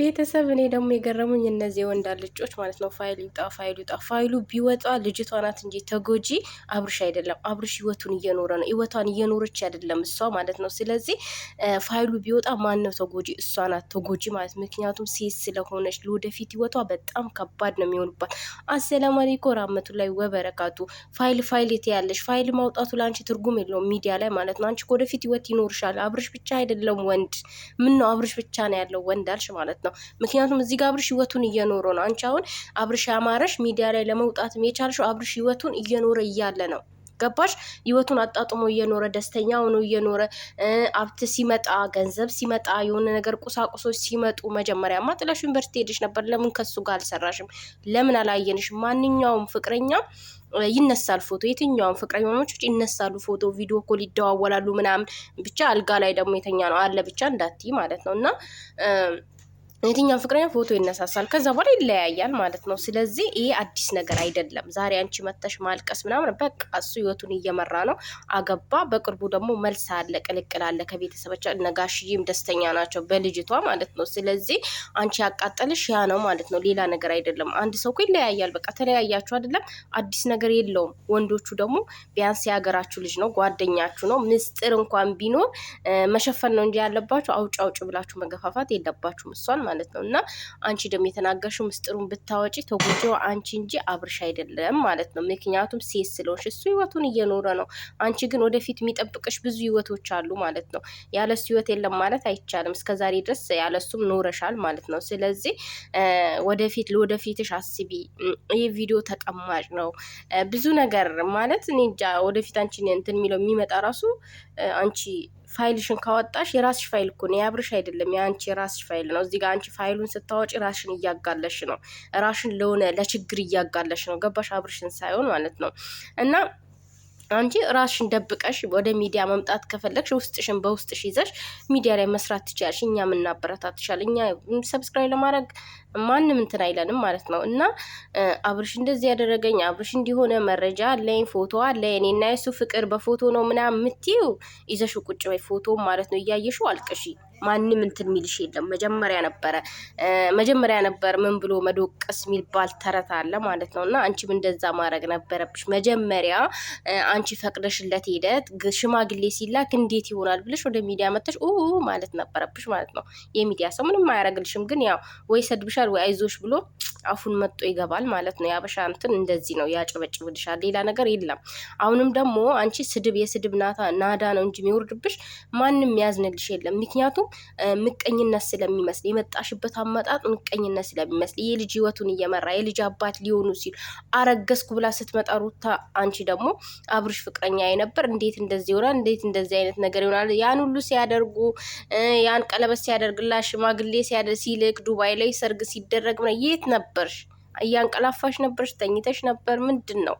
ቤተሰብ እኔ ደግሞ የገረሙኝ እነዚህ የወንድ አልጮች ማለት ነው። ፋይል ይውጣ ፋይል ይውጣ ፋይሉ ቢወጣ ልጅቷ ናት እንጂ ተጎጂ አብርሽ አይደለም። አብርሽ ህይወቱን እየኖረ ነው። ህይወቷን እየኖረች አይደለም እሷ ማለት ነው። ስለዚህ ፋይሉ ቢወጣ ነው ተጎጂ? እሷ ናት ተጎጂ ማለት ምክንያቱም ሴት ስለሆነች ለወደፊት ህይወቷ በጣም ከባድ ነው የሚሆንባት። አሰላም አለይኩም ላይ ወበረካቱ። ፋይል ፋይል የት ያለሽ ፋይል ማውጣቱ ለአንቺ ትርጉም የለውም ሚዲያ ላይ ማለት ነው። አንቺ ከወደፊት ህይወት ይኖርሻል። አብርሽ ብቻ አይደለም ወንድ ምን ነው አብርሽ ብቻ ነው ያለው ወንድ አልሽ ማለት ነው። ማለት ነው። ምክንያቱም እዚህ ጋር አብርሽ ህይወቱን እየኖረ ነው። አንቺ አሁን አብርሽ ያማረሽ ሚዲያ ላይ ለመውጣት የቻልሽው አብርሽ ህይወቱን እየኖረ እያለ ነው። ገባሽ? ህይወቱን አጣጥሞ እየኖረ ደስተኛ ሆኖ እየኖረ ሀብት ሲመጣ ገንዘብ ሲመጣ የሆነ ነገር ቁሳቁሶች ሲመጡ መጀመሪያማ ጥለሽ ዩኒቨርሲቲ ሄደሽ ነበር። ለምን ከሱ ጋር አልሰራሽም? ለምን አላየንሽ? ማንኛውም ፍቅረኛ ይነሳል ፎቶ፣ የትኛውም ፍቅረኞች ይነሳሉ ፎቶ፣ ቪዲዮ ኮል ይደዋወላሉ ምናምን። ብቻ አልጋ ላይ ደግሞ የተኛ ነው አለ ብቻ እንዳትዪ ማለት ነው እና የትኛው ፍቅረኛ ፎቶ ይነሳሳል፣ ከዛ በኋላ ይለያያል ማለት ነው። ስለዚህ ይሄ አዲስ ነገር አይደለም። ዛሬ አንቺ መተሽ ማልቀስ ምናምን በቃ እሱ ህይወቱን እየመራ ነው። አገባ። በቅርቡ ደግሞ መልስ አለ፣ ቅልቅል አለ ከቤተሰቦች ነጋሽዬም ደስተኛ ናቸው በልጅቷ ማለት ነው። ስለዚህ አንቺ ያቃጠልሽ ያ ነው ማለት ነው፣ ሌላ ነገር አይደለም። አንድ ሰው እኮ ይለያያል። በቃ ተለያያችሁ አይደለም፣ አዲስ ነገር የለውም። ወንዶቹ ደግሞ ቢያንስ የሀገራችሁ ልጅ ነው፣ ጓደኛችሁ ነው። ምስጢር እንኳን ቢኖር መሸፈን ነው እንጂ ያለባችሁ አውጭ አውጭ ብላችሁ መገፋፋት የለባችሁም እሷን ማለት ነው። እና አንቺ ደግሞ የተናገርሽው ምስጢሩን ብታወጪ ተጎጂዋ አንቺ እንጂ አብርሽ አይደለም ማለት ነው። ምክንያቱም ሴት ስለሆንሽ እሱ ህይወቱን እየኖረ ነው። አንቺ ግን ወደፊት የሚጠብቅሽ ብዙ ህይወቶች አሉ ማለት ነው። ያለሱ ህይወት የለም ማለት አይቻልም። እስከዛሬ ድረስ ያለሱም ኖረሻል ማለት ነው። ስለዚህ ወደፊት ለወደፊትሽ አስቢ። ይህ ቪዲዮ ተቀማጭ ነው። ብዙ ነገር ማለት እኔ እንጃ ወደፊት አንቺ እንትን የሚለው የሚመጣ ራሱ አንቺ ፋይልሽን ካወጣሽ የራስሽ ፋይል እኮ ነው፣ የአብርሽ አይደለም፣ የአንቺ የራስሽ ፋይል ነው። እዚህ ጋር አንቺ ፋይሉን ስታወጪ ራስሽን እያጋለሽ ነው፣ ራስሽን ለሆነ ለችግር እያጋለሽ ነው። ገባሽ? አብርሽን ሳይሆን ማለት ነው እና እንጂ ራስሽን ደብቀሽ ወደ ሚዲያ መምጣት ከፈለግሽ ውስጥሽን በውስጥሽ ይዘሽ ሚዲያ ላይ መስራት ትችያለሽ። እኛ የምናበረታትሻል። እኛ ሰብስክራይብ ለማድረግ ማንም እንትን አይለንም ማለት ነው። እና አብርሽ እንደዚህ ያደረገኝ አብርሽ እንዲሆነ መረጃ አለኝ፣ ፎቶ አለ። እና የሱ ፍቅር በፎቶ ነው ምናምን የምትይው ይዘሽው ቁጭ በይ ፎቶ ማለት ነው። እያየሽው አልቅሽ ማንም እንትን ሚልሽ የለም። መጀመሪያ ነበረ መጀመሪያ ነበር ምን ብሎ መዶቀስ የሚባል ተረት አለ ማለት ነው። እና አንቺም እንደዛ ማድረግ ነበረብሽ። መጀመሪያ አንቺ ፈቅደሽለት ሂደት ሽማግሌ ሲላክ እንዴት ይሆናል ብለሽ ወደ ሚዲያ መጥተሽ ማለት ነበረብሽ ማለት ነው። የሚዲያ ሰው ምንም አያረግልሽም፣ ግን ያው ወይ ሰድብሻል ወይ አይዞሽ ብሎ አፉን መጦ ይገባል ማለት ነው። የአበሻ እንትን እንደዚህ ነው፣ ያጨበጭብልሻል። ሌላ ነገር የለም። አሁንም ደግሞ አንቺ ስድብ የስድብ ናታ ናዳ ነው እንጂ የሚወርድብሽ ማንም ያዝንልሽ የለም። ምክንያቱም ምቀኝነት ስለሚመስል የመጣሽበት አመጣጥ ምቀኝነት ስለሚመስል የልጅ ህይወቱን እየመራ የልጅ አባት ሊሆኑ ሲሉ አረገዝኩ ብላ ስትመጣ ሩታ፣ አንቺ ደግሞ አብርሽ ፍቅረኛ የነበር እንዴት እንደዚህ ይሆናል? እንዴት እንደዚህ አይነት ነገር ይሆናል? ያን ሁሉ ሲያደርጉ ያን ቀለበት ሲያደርግላት ሽማግሌ ሲልክ ዱባይ ላይ ሰርግ ሲደረግ የት ነበር ነበርሽ? እያንቀላፋሽ ነበርሽ? ተኝተሽ ነበር? ምንድን ነው?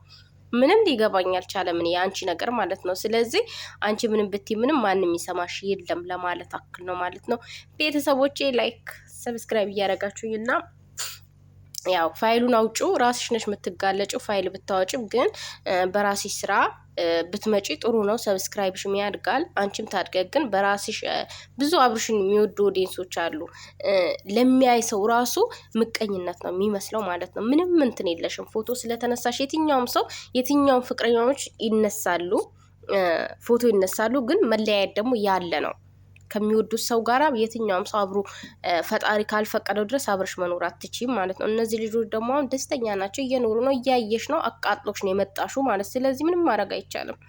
ምንም ሊገባኝ አልቻለም። እኔ የአንቺ ነገር ማለት ነው። ስለዚህ አንቺ ምንም ብትይ ምንም ማንም ይሰማሽ የለም ለማለት አክል ነው ማለት ነው። ቤተሰቦቼ ላይክ፣ ሰብስክራይብ እያደረጋችሁኝ እና ያው ፋይሉን አውጩ ራስሽ ነሽ የምትጋለጭው። ፋይል ብታወጭም ግን በራስሽ ስራ ብትመጪ ጥሩ ነው። ሰብስክራይብሽም ያድጋል፣ አንቺም ታድገግ። ግን በራስሽ ብዙ አብርሽን የሚወዱ ኦዲየንሶች አሉ። ለሚያይ ሰው ራሱ ምቀኝነት ነው የሚመስለው ማለት ነው። ምንም እንትን የለሽም። ፎቶ ስለተነሳሽ የትኛውም ሰው የትኛውም ፍቅረኛዎች ይነሳሉ፣ ፎቶ ይነሳሉ። ግን መለያየት ደግሞ ያለ ነው። ከሚወዱት ሰው ጋራ የትኛውም ሰው አብሮ ፈጣሪ ካልፈቀደው ድረስ አብረሽ መኖር አትችም ማለት ነው። እነዚህ ልጆች ደግሞ አሁን ደስተኛ ናቸው፣ እየኖሩ ነው፣ እያየሽ ነው፣ አቃጥሎች ነው የመጣሹ ማለት ስለዚህ ምንም ማድረግ አይቻልም።